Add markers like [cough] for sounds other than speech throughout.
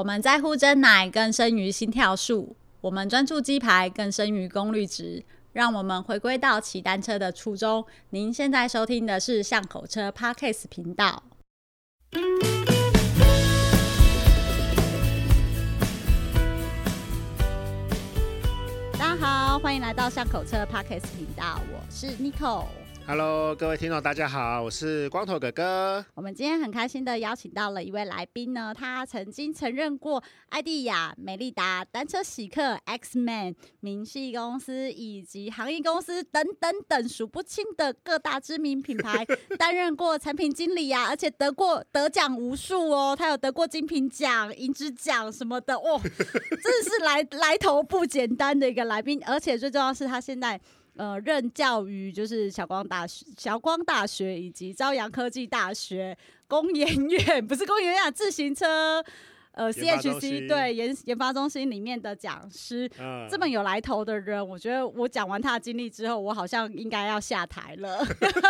我們在乎珍奶更勝於心跳數，我們專注雞排更勝於功率值，讓我們回歸到騎單車的初衷。您現在收聽的是巷口車 Podcast 頻道。大家好，歡迎來到巷口車 Podcast 頻道，我是 Nicole。Hello，各位聽眾，大家好，我是光頭哥哥。我們今天很開心的邀請到了一位來賓呢，他曾經曾任過愛地雅、美利達、單車喜客、X Man、明細公司以及行業公司等等等數不清的各大知名品牌擔 [laughs] 任過產品經理呀、啊，而且得過得獎無數哦，他有得過精品獎、銀質獎什麼的，哦，真的 [laughs] 是來來頭不簡單的一個來賓，而且最重要是他現在。呃，任教於就是僑光大學、僑光大學以及朝陽科技大學工研院，不是工研院、啊、自行車，呃，CHC 對研研發中心裡面的講師，嗯、這麼有來頭的人，我覺得我講完他的經歷之後，我好像應該要下台了，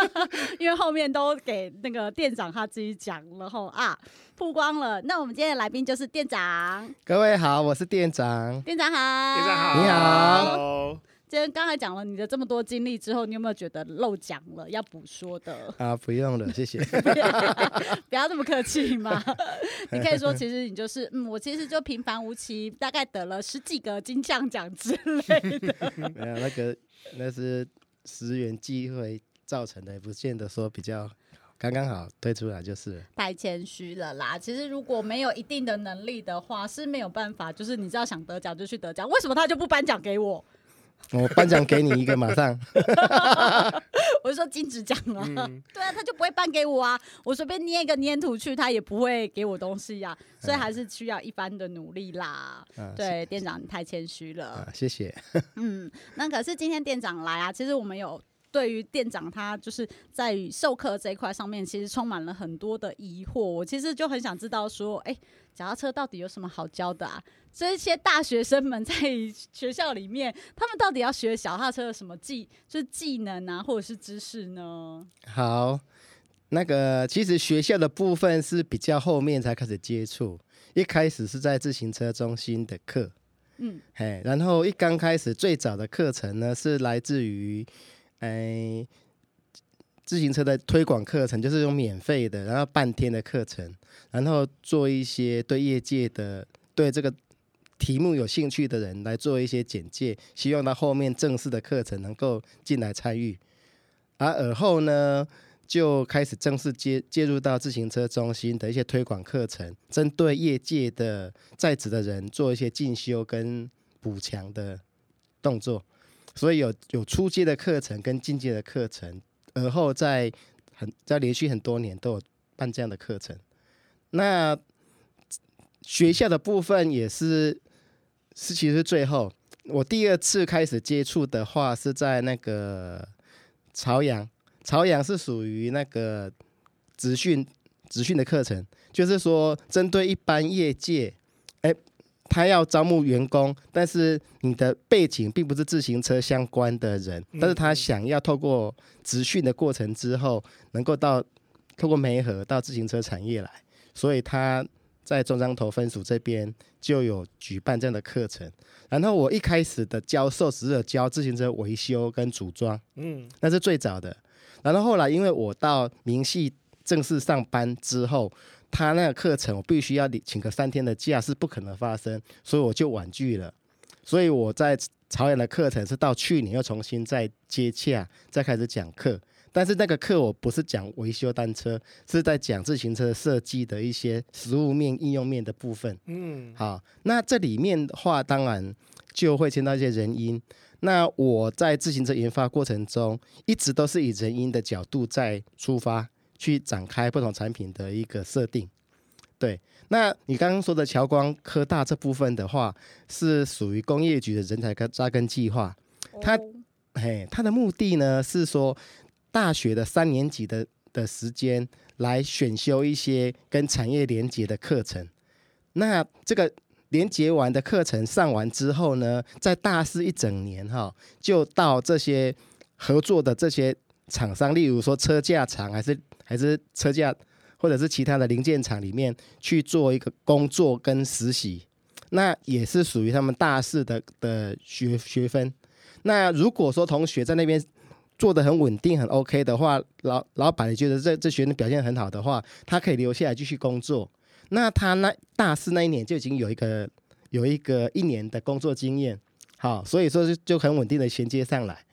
[laughs] 因為後面都給那個店長他自己講，然後啊曝光了。那我們今天的來賓就是店長，各位好，我是店長，店長好，店長好，你好。今天剛才講了你的這麼多經歷之後，你有沒有覺得漏講了要補說的？啊，不用了，謝謝。 [laughs] [laughs] 不要這麼客氣嘛， [laughs] 你可以說，其實你就是，嗯，我其實就平凡無奇，大概得了十幾個金像獎之類的。 [laughs] 沒有，那個那是十元機會造成的，也不見得說比較剛剛好推出來就是。太謙虛了啦，其實如果沒有一定的能力的話，是沒有辦法，就是你只要想得獎就去得獎，為什麼他就不頒獎給我？我頒獎給你一個，馬上。 [laughs] [laughs] 我就說禁止獎了，對啊，他就不會頒給我啊，我隨便捏一個粘土去，他也不會給我東西呀，啊，所以還是需要一番的努力啦。對，店長你太謙虛了，啊、謝謝。嗯，那可是今天店長來啊，其實我們有對於店長他就是在授課這一塊上面，其實充滿了很多的疑惑。我其實就很想知道說，哎，腳踏車到底有什麼好教的啊？這些大學生們在學校裡面，他們到底要學腳踏車的什麼技，就是技能啊，或者是知識呢？好，那個其實學校的部分是比較後面才開始接觸，一開始是在自行車中心的課，嗯嘿，然後一剛開始最早的課程呢是來自於，誒、哎、自行車的推廣課程就是用免費的，然後半天的課程，然後做一些對業界的對這個。題目有興趣的人來做一些簡介，希望他後面正式的課程能夠進來參與。而而後呢，就開始正式接介入到自行車中心的一些推廣課程，針對業界的在職的人做一些進修跟補強的動作。所以有有初階的課程跟進階的課程，而後在很在連續很多年都有辦這樣的課程。那學校的部分也是。是，其實最後我第二次開始接觸的話，是在那個朝陽。朝陽是屬於那個職訓職訓的課程，就是說針對一般業界，哎、欸，他要招募員工，但是你的背景並不是自行車相關的人，嗯、但是他想要透過職訓的過程之後，能夠到透過媒合到自行車產業來，所以他。在中彰投分署這邊就有舉辦這樣的課程，然後我一開始的教授只有教自行車維修跟組裝，嗯，那是最早的。然後後來因為我到明細正式上班之後，他那個課程我必須要請個三天的假是不可能發生，所以我就婉拒了。所以我在朝陽的課程是到去年又重新再接洽，再開始講課。但是那個課我不是講維修單車，是在講自行車設計的一些實務面、應用面的部分。嗯，好，那這裡面的話，當然就會牽到一些人因。那我在自行車研發過程中，一直都是以人因的角度在出發，去展開不同產品的一個設定。對，那你剛剛說的僑光科大這部分的話，是屬於工業局的人才跟扎根計劃。它，哦、嘿，它的目的呢是說。大學的三年級的的時間來選修一些跟產業連接的課程，那這個連接完的課程上完之後呢，在大四一整年哈，就到這些合作的這些廠商，例如說車架廠還是還是車架或者是其他的零件廠裡面去做一個工作跟實習，那也是屬於他們大四的的學學分。那如果說同學在那邊。做得很穩定很 OK 的話，老老板也覺得這這學生表現很好的話，他可以留下來繼續工作。那他那大四那一年就已經有一個有一個一年的工作經驗，好，所以說就，就很穩定的銜接上來。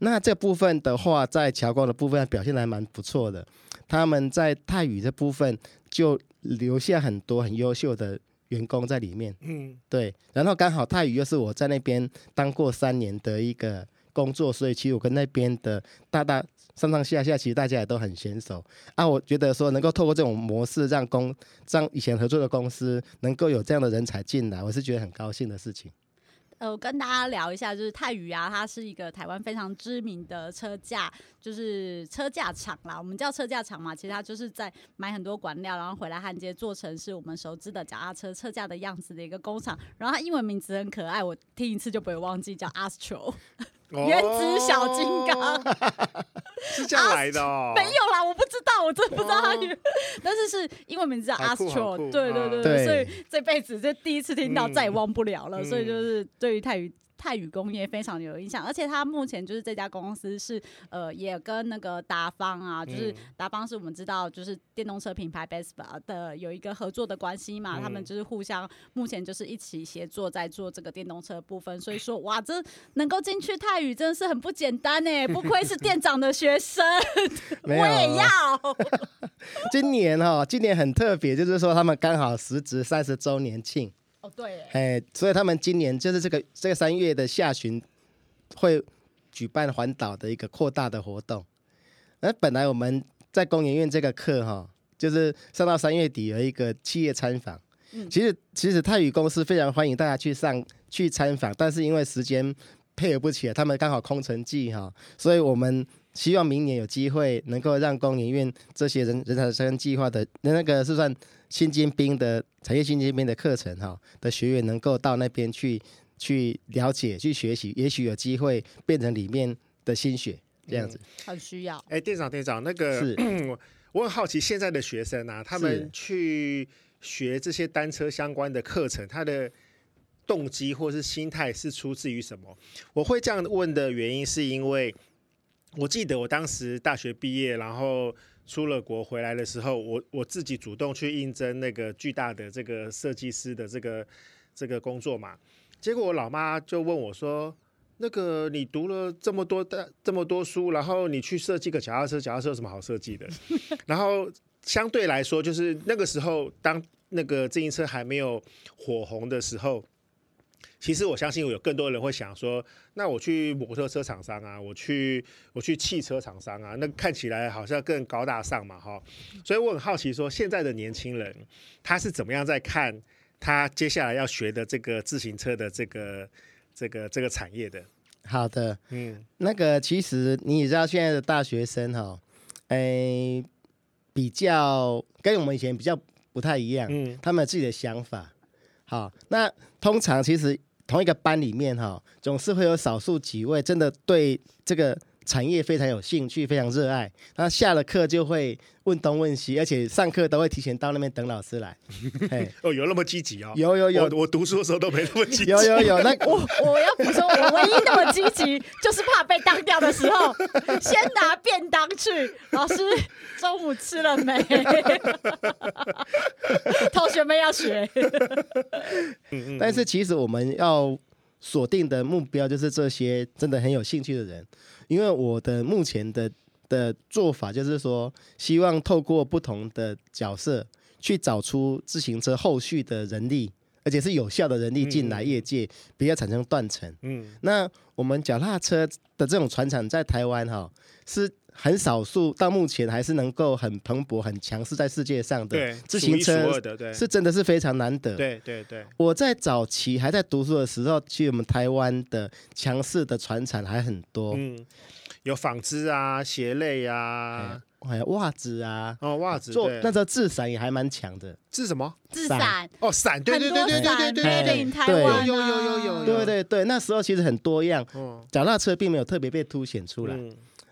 那這部分的話，在喬高的部分表現還蠻不錯的，他們在泰語的部分就留下很多很優秀的員工在裡面。嗯，對。然後剛好泰語又是我在那邊當過三年的一個。工作，所以其實我跟那邊的大大上上下下，其實大家也都很嫻熟啊。我覺得說能夠透過這種模式讓，讓公讓以前合作的公司能夠有這樣的人才進來，我是覺得很高興的事情。呃，我跟大家聊一下，就是泰宇啊，它是一個台灣非常知名的車架，就是車架廠啦，我們叫車架廠嘛。其實它就是在買很多管料，然後回來焊接，做成是我們熟知的腳踏車車架的樣子的一個工廠。然後它英文名字很可愛，我聽一次就不會忘記，叫 Astro。原子小金剛、哦啊、是這樣來的、哦啊，沒有啦，我不知道，我真不知道他。哦、但是是英文名字叫 Astro，對，對對對對，對，所以這輩子這第一次聽到，啊、再也忘不了了。嗯、所以就是對於泰語。泰宇工業非常有印象，而且他目前就是這家公司是呃，也跟那個達方啊，就是達方是我們知道就是電動車品牌 Best 的有一個合作的關係嘛，嗯、他們就是互相目前就是一起協作在做這個電動車部分，所以說哇，這能夠進去泰宇真的是很不簡單哎，不愧是店長的學生， [laughs] [laughs] 我也要。 [laughs] 今年哈，今年很特別，就是說他們剛好十職三十周年慶。對，哎、欸，所以他們今年就是這個這個三月的下旬，會舉辦環島的一個擴大的活動。而本來我們在工研院這個課哈、哦，就是上到三月底有一個企業參訪。嗯、其實其實泰宇公司非常歡迎大家去上去參訪，但是因為時間配合不起來，他們剛好空城計哈，所以我們希望明年有機會能夠讓工研院這些人人才生計劃的那個是算。新津兵的產業新津兵的課程哈、喔，的學員能夠到那邊去去了解、去學習，也許有機會變成裡面的新血，這樣子、嗯、很需要。哎、欸，店長，店長，那個我是我很好奇，現在的學生啊，他們去學這些單車相關的課程，他的動機或是心態是出自於什麼？我會這樣問的原因，是因為我記得我當時大學畢業，然後。出了國回來的時候，我我自己主動去應徵那個巨大的這個設計師的這個這個工作嘛，結果我老媽就問我說：“那個你讀了這麼多的這麼多書，然後你去設計個腳踏車，腳踏車有什麼好設計的？”然後相對來說，就是那個時候，當那個自行車還沒有火紅的時候。其實我相信我有更多的人會想說，那我去摩托車廠商啊，我去我去汽車廠商啊，那個、看起來好像更高大上嘛，哈、哦。所以我很好奇說，現在的年輕人他是怎麼樣在看他接下來要學的這個自行車的這個這個這個產業的？好的，嗯，那個其實你也知道現在的大學生哈、哦，誒，比較跟我們以前比較不太一樣，嗯，他們有自己的想法。好，那通常其實同一個班裡面哈，總是會有少數幾位真的對這個。產業非常有興趣，非常熱愛。他下了課就會問東問西，而且上課都會提前到那邊等老師來。哦，有那麼積極啊！有有有，我讀書的時候都沒那麼積極。有有有，那 [laughs] 我我要補充，我唯一那麼積極就是怕被當掉的時候，先拿便當去。老師中午吃了沒？ [laughs] 同學們要學。嗯嗯。但是其實我們要鎖定的目標就是這些真的很有興趣的人。因為我的目前的的做法就是說，希望透過不同的角色去找出自行車後續的人力，而且是有效的人力進來業界，嗯，不要產生斷層。嗯，那我們腳踏車的這種傳產在台灣哈，哦，是。很少數到目前還是能夠很蓬勃、很強勢，在世界上的自行車是真的是非常難得。對對對，我在早期還在讀書的時候，去我們台灣的強勢的傳產還很多，嗯，有紡織啊、鞋類啊、還有襪子啊，哦襪子，做那時候製傘也還蠻強的。制什麼？製傘哦，傘，對對對對對對對，對有有有有，對對對，那時候其實很多樣，腳踏車並沒有特別被凸顯出來，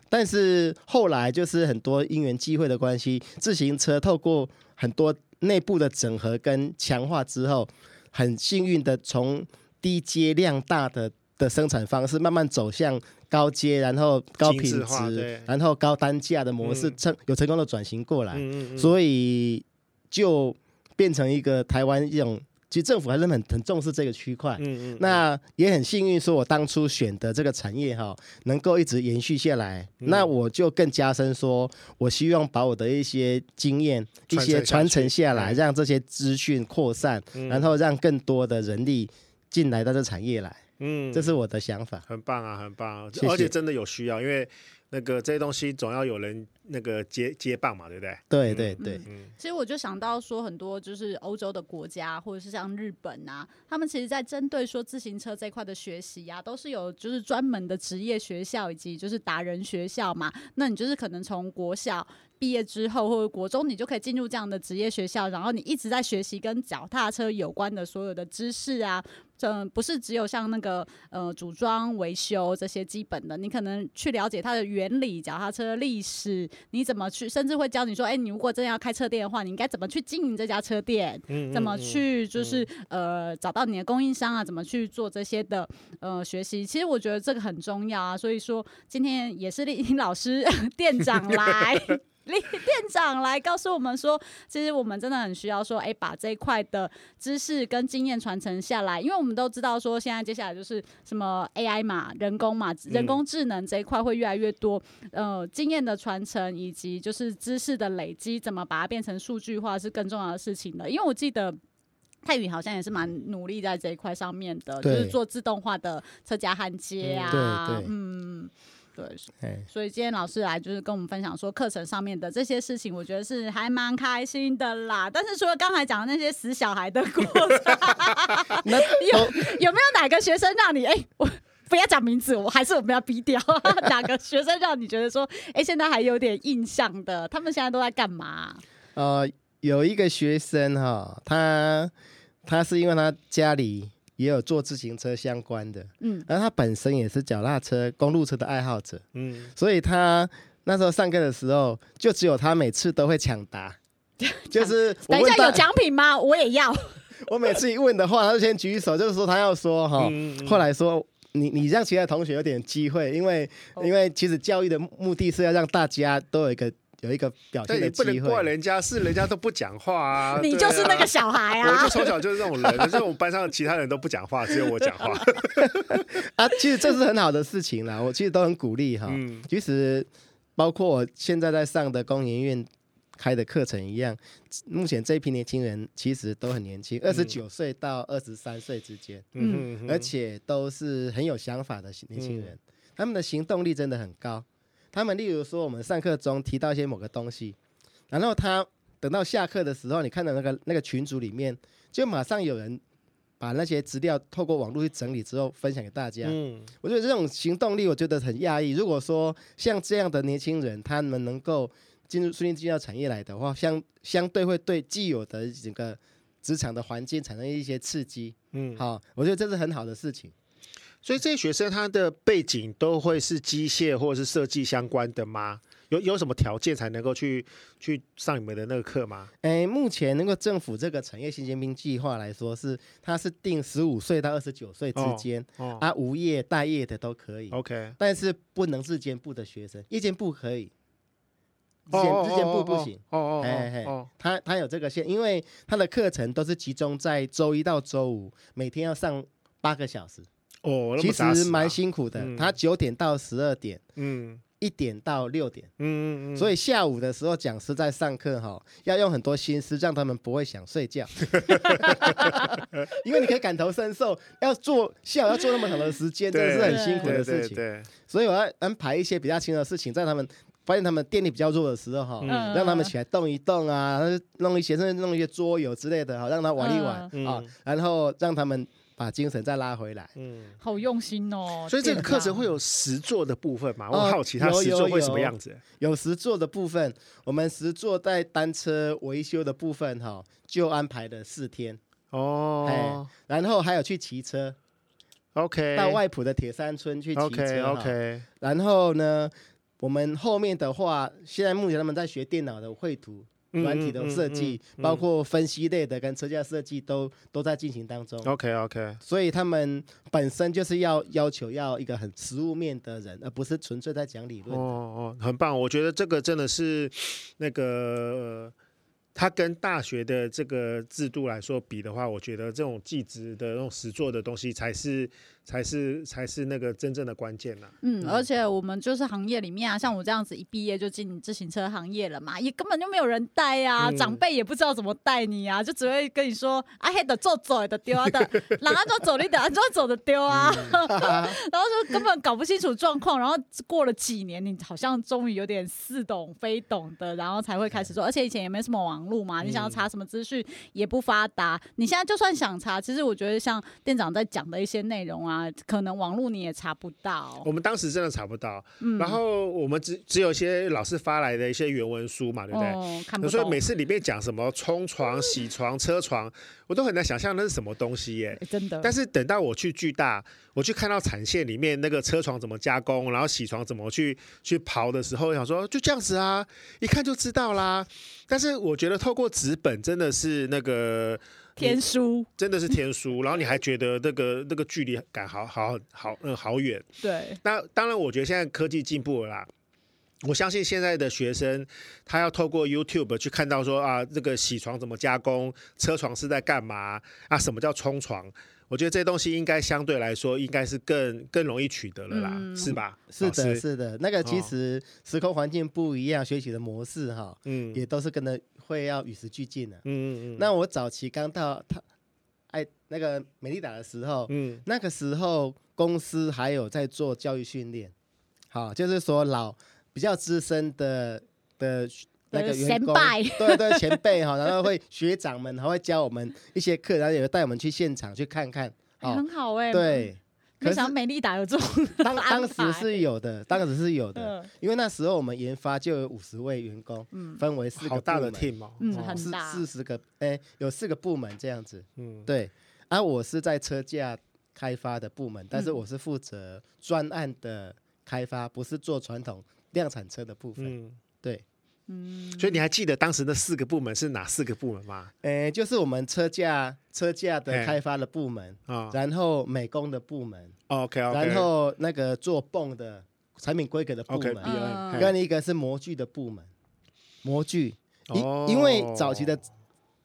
但是後來就是很多因緣際會的關係，自行車透過很多內部的整合跟強化之後，很幸運的從低階量大的的生產方式，慢慢走向高階，然後高品質，然後高單價的模式成、嗯、有成功的轉型過來，嗯嗯嗯所以就變成一個台灣一種。其實政府還是很很重視這個區塊，嗯嗯，嗯那也很幸運，說我當初選的這個產業哈、哦，能夠一直延續下來，嗯，那我就更加深說，我希望把我的一些經驗一些傳承下來，下讓這些資訊擴散，嗯，然後讓更多的人力進來到這個產業來，嗯，這是我的想法，很棒啊，很棒啊，謝謝。而且真的有需要，因為。那個這些東西總要有人那個接接棒嘛，對不對？對對對、嗯嗯。其實我就想到說，很多就是歐洲的國家，或者是像日本啊，他們其實，在針對說自行車這塊的學習呀、啊，都是有就是專門的職業學校以及就是達人學校嘛。那你就是可能從國小畢業之後，或者國中，你就可以進入這樣的職業學校，然後你一直在學習跟腳踏車有關的所有的知識啊。嗯，不是只有像那個呃組裝維修這些基本的，你可能去了解它的原理、腳踏車的歷史，你怎麼去，甚至會教你說，哎、欸，你如果真的要開車店的話，你應該怎麼去經營這家車店，嗯嗯嗯怎麼去就是嗯嗯嗯呃找到你的供應商啊，怎麼去做這些的呃學習。其實我覺得這個很重要啊，所以說今天也是林老師 [laughs] 店長來。 [laughs] 李店長來告訴我們說，其實我們真的很需要說，哎、欸，把這一塊的知識跟經驗傳承下來，因為我們都知道說，現在接下來就是什麼 AI 嘛、人工嘛、人工智能這一塊會越來越多。嗯、呃，經驗的傳承以及就是知識的累積，怎麼把它變成數據化是更重要的事情了。因為我記得泰宇好像也是蠻努力在這一塊上面的，對就是做自動化的車架焊接啊，嗯嗯、對，對嗯。對，所以今天老師來就是跟我們分享說，課程上面的這些事情，我覺得是還蠻開心的啦。但是說剛才講的那些死小孩的故事， [laughs] 那有、哦、有沒有哪個學生讓你哎、欸，我不要講名字，我還是我們要逼掉 [laughs] 哪個學生讓你覺得說哎、欸，現在還有點印象的，他們現在都在幹嘛？呃，有一個學生哈，他他是因為他家裡。也有做自行車相關的，嗯，然後他本身也是腳踏車、公路車的愛好者，嗯，所以他那時候上課的時候，就只有他每次都會搶答，就是等一下有獎品嗎？我也要。 [laughs] 我每次一問的話，他就先舉手，就是說他要說哈，嗯嗯，後來說你你讓其他同學有點機會，因為因為其實教育的目的是要讓大家都有一個。有一個表現的機會，對也不能怪人家，是人家都不講話啊！ [laughs] 啊你就是那個小孩啊！我就從小就是這種人，就 [laughs] 是我們班上其他人都不講話，只有我講話。 [laughs] [laughs] 啊，其實這是很好的事情啦，我其實都很鼓勵哈。其實、嗯，包括我現在在上的工研院開的課程一樣，目前這一批年輕人其實都很年輕，二十九歲到二十三歲之間。嗯。嗯哼嗯哼，而且都是很有想法的年輕人，嗯、他們的行動力真的很高。他們例如說，我們上課中提到一些某個東西，然後他等到下課的時候，你看到那個那個群組裡面，就馬上有人把那些資料透過網絡去整理之後分享給大家。嗯，我覺得這種行動力，我覺得很訝異。如果說像這樣的年輕人，他們能夠進入數字製造產業來的話，相相對會對既有的整個職場的環境產生一些刺激。嗯，好，我覺得這是很好的事情。所以這些學生他的背景都會是機械或者是設計相關的嗎？有有什麼條件才能夠去去上你們的那個課嗎？哎、欸，目前能夠政府這個產業新尖兵計劃來說是，他是定十五歲到二十九歲之間，哦哦、啊，無業待業的都可以，OK，、哦、但是不能日間部的學生，夜間部可以，日間不、哦哦哦哦哦、部不行，哦哦，哦哦，哎哎，他他有這個限，因為他的課程都是集中在周一到周五，每天要上八個小時。哦，啊、其實蠻辛苦的。嗯、他九點到十二點，嗯，一點到六點，嗯，所以下午的時候講師在上課哈，要用很多心思讓他們不會想睡覺， [laughs] [laughs] 因為你可以感同身受，要做下午要做那麼長的時間， [laughs] 真的是很辛苦的事情。對對對對，所以我要安排一些比較輕的事情，在他們發現他們電力比較弱的時候哈，嗯、讓他們起來動一動啊，弄一些甚至弄一些桌遊之類的哈，讓他玩一玩啊、嗯哦，然後讓他們。把精神再拉回來，嗯，好用心哦。所以這個課程會有實作的部分嘛？嗯，我好奇他實作會什麼樣子？有有有有，有實作的部分，我們實作在單車維修的部分哈，就安排了四天哦，欸，然後還有去騎車，OK，到外埔的鐵山村去騎車 okay，OK。然後呢，我們後面的話，現在目前他們在學電腦的繪圖。軟體的設計，嗯嗯嗯嗯嗯，包括分析類的跟車架設計都都在進行當中。OK OK，所以他們本身就是要要求要一個很實務面的人，而不是純粹在講理論。哦哦，很棒，我覺得這個真的是那個、呃、他跟大學的這個制度來說比的話，我覺得這種技職的那種實作的東西才是。才是才是那個真正的關鍵吶、啊。嗯，而且我們就是行業裡面啊，像我這樣子一畢業就進自行車行業了嘛，也根本就沒有人帶呀、啊，嗯、長輩也不知道怎麼帶你啊，就只會跟你說啊，得做走的丟啊，得然後就走的丟啊，裝走的丟啊，然後就根本搞不清楚狀況。然後過了幾年，你好像終於有點似懂非懂的，然後才會開始做。而且以前也沒什麼網絡嘛，你想要查什麼資訊也不發達。嗯、你現在就算想查，其實我覺得像店長在講的一些內容啊。啊，可能網絡你也查不到。我們當時真的查不到，嗯、然後我們只只有一些老師發來的一些原文書嘛，對不對？所以、哦、每次裡面講什麼沖床、銑床、車床，我都很難想象那是什麼東西耶，欸、真的。但是等到我去巨大，我去看到產線裡面那個車床怎麼加工，然後銑床怎麼去去刨的時候，我想說就這樣子啊，一看就知道啦。但是我覺得透過紙本真的是那個。天書真的是天書，然後你還覺得那個 [laughs] 那個距離感好好好嗯好遠。對，那當然，我覺得現在科技進步了啦，我相信現在的學生他要透過 YouTube 去看到說啊，這個銑床怎麼加工，車床是在幹嘛啊？什麼叫沖床？我覺得這東西應該相對來說應該是更更容易取得了啦，嗯、是吧？是的，老師，是的，那個其實時空環境不一樣，學習的模式哈，嗯，也都是跟着。會要與時俱進的、啊，嗯嗯，嗯，那我早期剛到他，哎，那個美利達的時候，嗯、那個時候公司還有在做教育訓練，好、哦，就是說老比較資深的的那個員工，先對，對對前輩哈、哦， [laughs] 然後會學長們還會教我們一些課，然後也會帶我們去現場去看看，好、哦，很好哎、欸，對。可是美利達有做，當當時是有的，當時是有的，嗯、因為那時候我們研發就有五十位員工，分為四個好大的 team，、啊、嗯，四十個，哎、欸，有四個部門這樣子，對，啊，我是在車架開發的部門，但是我是負責專案的開發，不是做傳統量產車的部分，嗯、對。嗯，所以你還記得當時的四個部門是哪四個部門嗎？誒、欸，就是我們車架、車架的開發的部門啊，欸哦、然後美工的部門、哦、o、okay, k、okay、然後那個做泵的產品規格的部門，跟一個是模具的部門，模具，因、哦、因為早期的。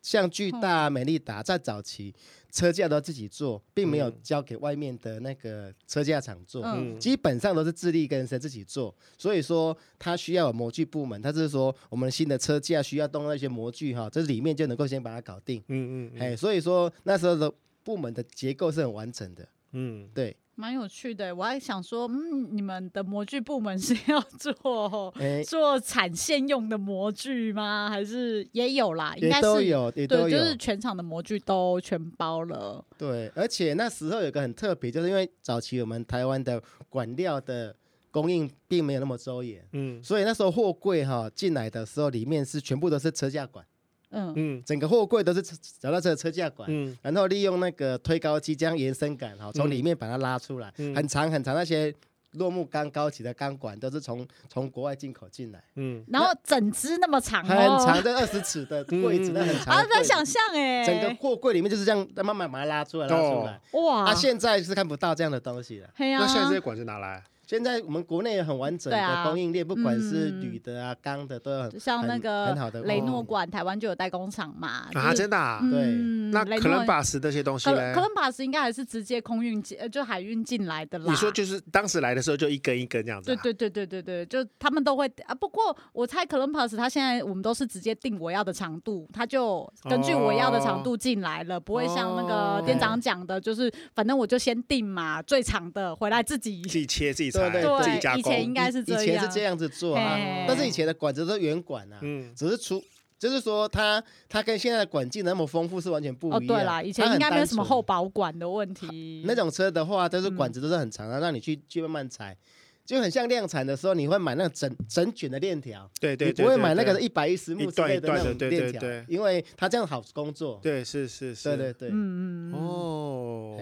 像巨大、美利達在早期車架都自己做，並沒有交給外面的那個車架廠做，嗯、基本上都是自力更生自己做，所以說它需要有模具部門，它是說我們新的車架需要動那些模具哈，這裡面就能夠先把它搞定，嗯嗯，哎，所以說那時候的部門的結構是很完整的，嗯，對。蠻有趣的，我還想說，嗯，你們的模具部門是要做，欸、做產線用的模具嗎？還是也有啦，應該是，也都有，也都有。對，就是全場的模具都全包了。對，而且那時候有一個很特別，就是因為早期我們台灣的管料的供應並沒有那麼周延，嗯，所以那時候貨櫃哈進來的時候，裡面是全部都是車架管。嗯嗯，整個貨櫃都是找到這個車架管，嗯，然後利用那個推高機將延伸桿哈從裡面把它拉出來，很長很長那些落木鋼高起的鋼管都是從從國外進口進來，嗯，然後整只那麼長，很長這二十尺的櫃子的很長，啊，難想象哎，整個貨櫃裡面就是這樣慢慢把它拉出來拉出來，哇，它現在是看不到這樣的東西了，那現在這些管子拿來？現在我們國內也很完整的供應鏈，啊嗯、不管是鋁的啊、鋼的、啊、的，都很，像那個雷諾管，哦、台灣就有代工廠嘛。就是、啊，真的、啊，嗯、對。那 Columbus 這些東西 Columbus 應該還是直接空運進，呃，就海運進來的啦。你說就是當時來的時候就一根一根這樣子、啊。對對對對對對，就他們都會啊。不過我猜 Columbus 他現在我們都是直接定我要的長度，他就根據我要的長度進來了，哦、不會像那個店長講的，就是反正我就先定嘛，最長的回來自己自己切自己。對對，以前應該是以前是這樣子做，但是以前的管子都是圓管啊，只是粗，就是說，它它跟現在的管徑那麼豐富是完全不一樣。哦，對啦，以前應該沒有什麼厚薄管的問題。那種車的話，都是管子都是很長啊，讓你去去慢慢踩，就很像量產的時候，你會買那個整整卷的鏈條。對對對，你不會買那個一百一十目一段一段的那種鏈條，因為它這樣好工作。對，是是是，對對對，嗯嗯，哦。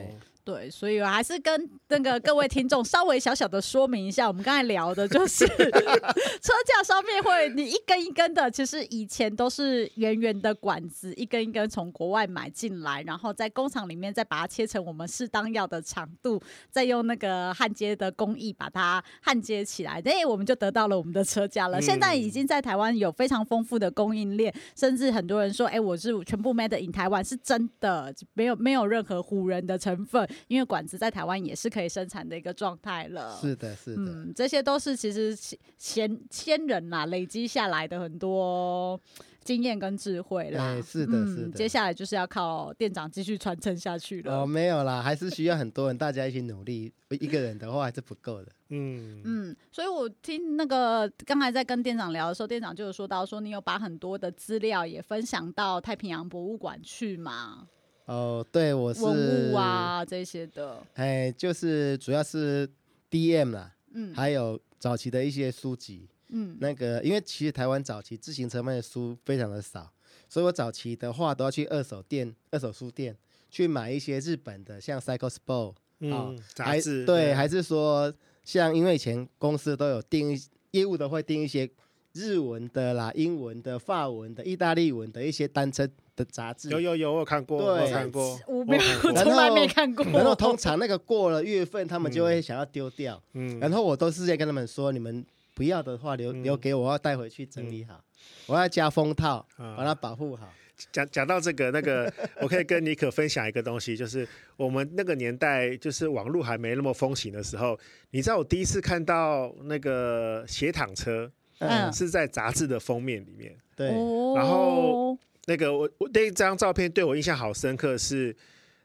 對，所以我還是跟那個各位聽眾稍微小小的說明一下，我們剛才聊的就是車架上面會你一根一根的，其實以前都是圓圓的管子一根一根從國外買進來，然後在工廠裡面再把它切成我們適當要的長度，再用那個焊接的工藝把它焊接起來，哎，我們就得到了我們的車架了。嗯。現在已經在台灣有非常豐富的供應鏈，甚至很多人說，哎，我是全部 made in 台灣，是真的，沒有沒有任何唬人的成分。因為管子在台灣也是可以生產的一個狀態了。是的，是的，這些都是其實先先人啦，累積下來的很多經驗跟智慧啦。是的，是的，接下來就是要靠店長繼續傳承下去了。哦，沒有啦，還是需要很多人 [laughs] 大家一起努力，一個人的話還是不夠的。嗯嗯，所以我聽那個剛才在跟店長聊的時候，店長就有說到說，你有把很多的資料也分享到太平洋博物館去嗎？哦，對，我是哇啊這些的，哎，就是主要是 D M 啦，嗯，還有早期的一些書籍，嗯，那個因為其實台灣早期自行車賣的書非常的少，所以我早期的話都要去二手店、二手書店去買一些日本的，像 Cycle Sport，嗯，雜誌，對，還是說像因為以前公司都有訂，業務都會訂一些日文的啦、英文的、法文的、意大利文的一些單車。的雜誌有有有，我有看過，我有看過，我沒有，從來沒看過。然後通常那個過了月份，他們就會想要丟掉。嗯，然後我都是在跟他們說，你們不要的話留留給我，要帶回去整理好，我要加封套，把它保護好。講講到這個那個，我可以跟妮可分享一個東西，就是我們那個年代，就是網路還沒那麼風行的時候，你知道我第一次看到那個斜躺車，嗯，是在雜誌的封面裡面。對，然後。那個我我那張照片對我印象好深刻是，是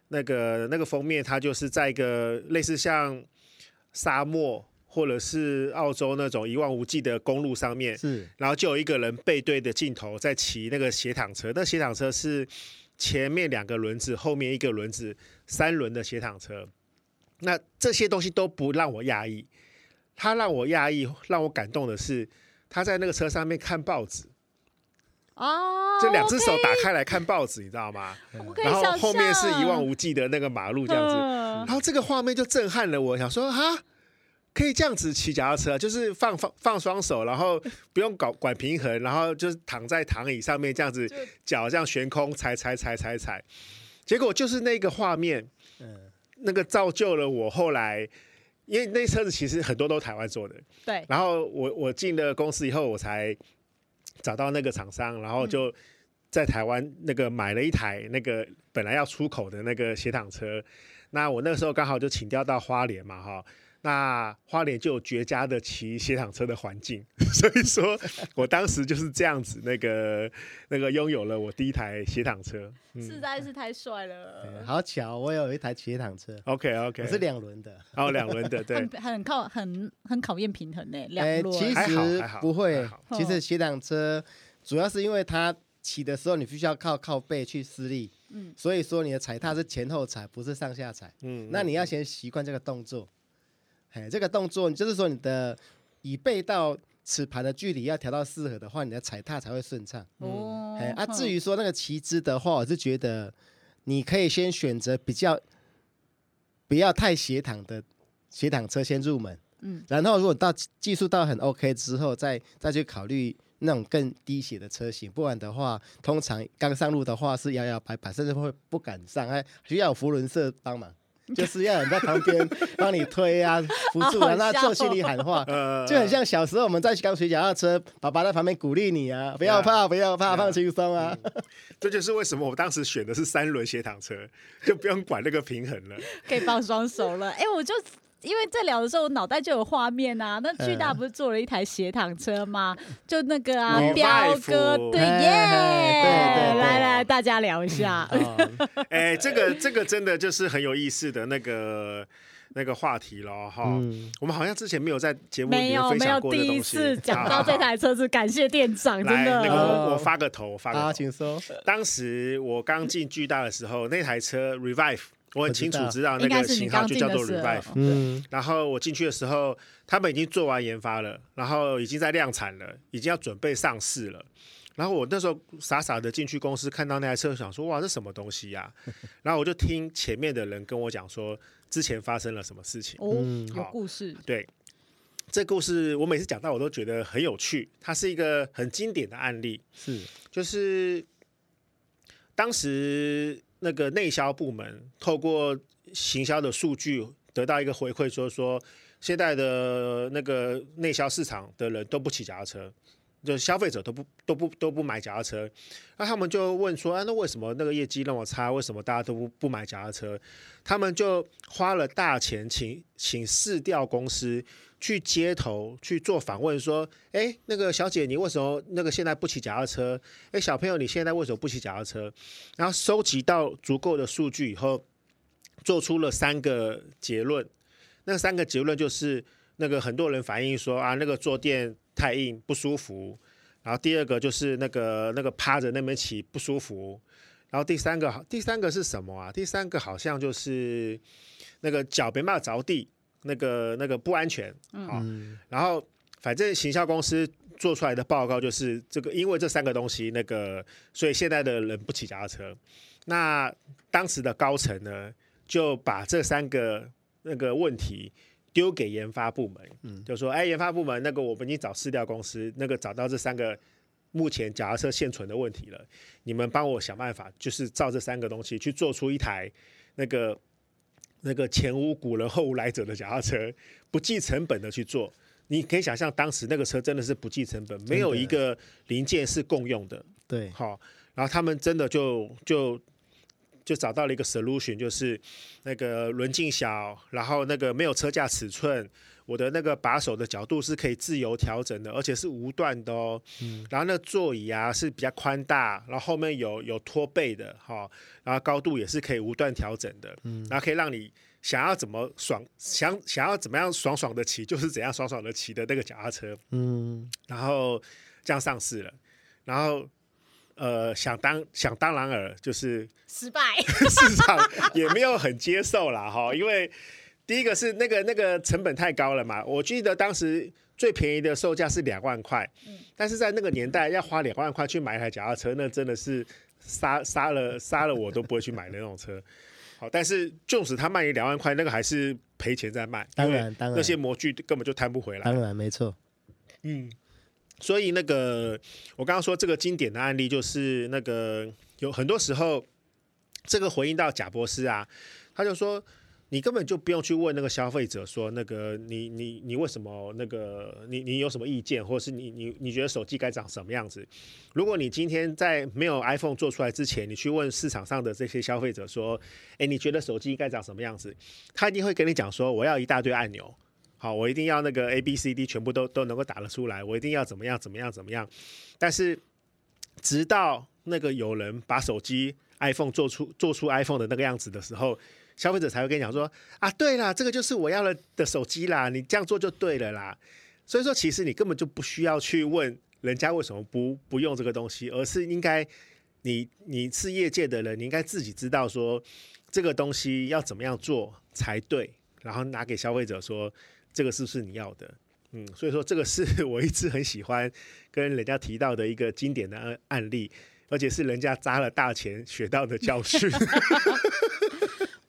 那個那個封面，它就是在一個類似像沙漠或者是澳洲那種一望無際的公路上面，是，然後就有一個人背對的鏡頭在騎那個斜躺車，那斜躺車是前面兩個輪子，後面一個輪子，三輪的斜躺車。那這些東西都不讓我壓抑，他讓我壓抑讓我感動的是，他在那個車上面看報紙。哦，oh, okay. 就兩只手打開來看報紙，你知道嗎？Okay, 然後後面是一望無際的那個馬路，這樣子。嗯、然後這個畫面就震撼了我，嗯、我想說哈，可以這樣子騎腳踏車，車，就是放放放雙手，然後不用搞管平衡，然後就是躺在躺椅上面這樣子，就腳這樣懸空踩，踩踩踩踩踩。結果就是那個畫面，嗯、那個造就了我後來，因為那車子其實很多都是台灣做的，對。然後我我進了公司以後，我才。找到那個廠商，然後就在台灣那個買了一台那個本來要出口的那個斜躺車，那我那個時候剛好就請調到花蓮嘛、哦，哈。那花蓮就有絕佳的騎斜躺車的環境，所以說我當時就是這樣子，那個那個擁有了我第一台斜躺車，嗯、實在是太帥了。好巧，我有一台斜躺車，OK OK，我是兩輪的，哦，兩輪的，對，很，很，靠很，很考很很考驗平衡呢、欸，兩輪、欸。其實不會，好其實斜躺車主要是因為它騎的時候你必須要靠靠背去施力，嗯、所以說你的踩踏是前後踩，不是上下踩，嗯，嗯，那你要先習慣這個動作。哎，這個動作，就是說你的椅背到齒盤的距離要調到適合的話，你的踩踏才會順暢。哦、嗯，哎，啊，至於說那個騎姿的話，我是覺得你可以先選擇比較不要太斜躺的斜躺車先入門。嗯，然後如果到技術到很 OK 之後，再再去考慮那種更低斜的車型。不然的話，通常剛上路的話是搖搖擺擺，甚至會不敢上，哎，需要輔輪幫忙。 [laughs] 就是要有人在旁邊幫你推啊，輔助 [laughs] 助，讓他、啊喔、做心裡喊話，呃、就很像小時候我們在剛學腳踏車，爸爸在旁邊鼓勵你啊，不要，啊不要怕，不要怕，放輕鬆啊。這就是為什麼我當時選的是三輪斜躺車，就不用管那個平衡了， [laughs] 可以放雙手了。哎、欸，我就。因為在聊的時候，我腦袋就有畫面啊！那巨大不是做了一台斜躺車嗎？就那個啊，彪哥，對耶！來來，大家聊一下。哎，這個這個真的就是很有意思的那個那個話題了哈。我們好像之前沒有在節目裡面分享過，沒有沒有。第一次講到這台車，是感謝店長。來，那個我發個頭，發個頭，請說。當時我剛進巨大的時候，那台車 Revive。我很清楚知道，知道那個型號就叫做 Revive。嗯，然後我進去的時候，他們已經做完研發了，然後已經在量產了，已經要準備上市了。然後我那時候傻傻的進去公司，看到那台車，想說哇，這什麼東西呀？啊？然後我就聽前面的人跟我講說，之前發生了什麼事情。哦，好故事。對，這故事我每次講到我都覺得很有趣，它是一個很經典的案例。是，就是當時。那個內銷部門透過行銷的數據得到一個回饋，說說現在的那個內銷市場的人都不騎腳踏車。就是消費者都不都不都不，都不買腳踏車，那、啊、他們就問說，啊,那為什麼那個業績那麼差？為什麼大家都不不買腳踏車？他們就花了大錢請，請請市調公司去街頭去做訪問，說，哎、欸，那個小姐你為什麼那個現在不騎腳踏車？哎、欸，小朋友你現在為什麼不騎腳踏車？然後收集到足夠的數據以後，做出了三個結論。那三個結論就是，那個很多人反映說啊，那個坐墊。太硬不舒服，然後第二個就是那個那個趴着那邊騎不舒服，然後第三個好，第三個是什麼啊？第三個好像就是那個腳沒辦法着地，那個那個不安全啊。哦嗯、然後反正行銷公司做出來的報告就是這個，因為這三個東西那個，所以現在的人不騎腳踏車。那當時的高層呢，就把這三個那個問題。丟給研發部門，嗯，就說，哎，研發部門那個，我們已經找市調公司，那個找到這三個目前腳踏車現存的問題了，你們幫我想辦法，就是照這三個東西去做出一台那個那個前無古人後無來者的腳踏車，不計成本的去做。你可以想象，當時那個車真的是不計成本，的沒有一個零件是共用的，對，好，然後他們真的就就就找到了一個 solution，就是那個輪徑小，然後那個沒有車架尺寸，我的那個把手的角度是可以自由調整的，而且是無段的哦。嗯。然後那座椅啊是比較寬大，然後後面有有托背的哈，然後高度也是可以無段調整的。嗯。然後可以讓你想要怎麼爽想想要怎麼樣爽爽的騎，就是怎樣爽爽的騎的那個腳踏車。嗯。然後這樣上市了，然後。呃，想當想當然耳就是失敗，市場也沒有很接受啦哈，因為第一個是那個那個成本太高了嘛，我記得當時最便宜的售價是兩萬塊，但是在那個年代要花兩萬塊去買一台腳踏車，那真的是殺殺了殺了我都不會去買的那種車。好，但是縱使他賣一兩萬塊，那個還是賠錢在賣，當然當然那些模具根本就攤不回來，當然，當然，當然沒錯，嗯。所以那個，我剛剛說這個經典的案例就是那個，有很多時候這個回應到賈伯斯啊，他就說你根本就不用去問那個消費者說那個你你你為什麼那個你你有什麼意見，或是你你你覺得手機該長什麼樣子？如果你今天在沒有 iPhone 做出來之前，你去問市場上的這些消費者說，誒，你覺得手機該長什麼樣子？他一定會跟你講說，我要一大堆按鈕。好，我一定要那個 A B C D 全部都都能夠打得出來，我一定要怎麼樣怎麼樣怎麼樣。但是直到那個有人把手機 iPhone 做出做出 iPhone 的那個樣子的時候，消費者才會跟你講說啊，對啦，這個就是我要的的手機啦，你這樣做就對了啦。所以說，其實你根本就不需要去問人家為什麼不不用這個東西，而是應該你你是業界的人，你應該自己知道說這個東西要怎麼樣做才對，然後拿給消費者說。這個是不是你要的？嗯，所以說這個是我一直很喜歡跟人家提到的一個經典的案例，而且是人家砸了大錢學到的教訓。 [laughs] [laughs]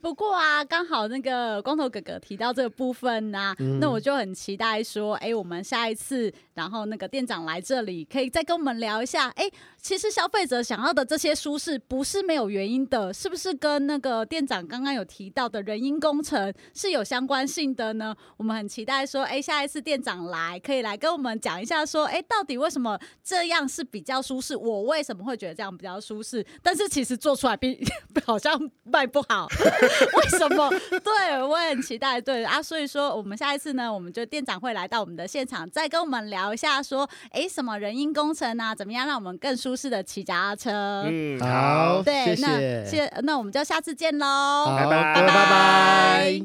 不過啊，剛好那個光頭哥哥提到這個部分吶、啊，嗯、那我就很期待說，哎、欸，我們下一次，然後那個店長來這裡，可以再跟我們聊一下。哎、欸，其實消費者想要的這些舒適，不是沒有原因的，是不是跟那個店長剛剛有提到的人因工程是有相關性的呢？我們很期待說，哎、欸，下一次店長來，可以來跟我們講一下，說，哎、欸，到底為什麼這樣是比較舒適？我為什麼會覺得這樣比較舒適？但是其實做出來比好像賣不好。 [laughs] [laughs] 為什麼？對，我也很期待。對啊，所以說我們下一次呢，我們就店長會來到我們的現場，再跟我們聊一下，說，哎、欸，什麼人因工程啊，怎麼樣讓我們更舒適的騎腳踏車？嗯，好，對，謝謝那謝，那我們就下次見嘍，拜拜拜拜。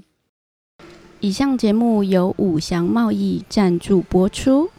以上節目由五祥貿易贊助播出。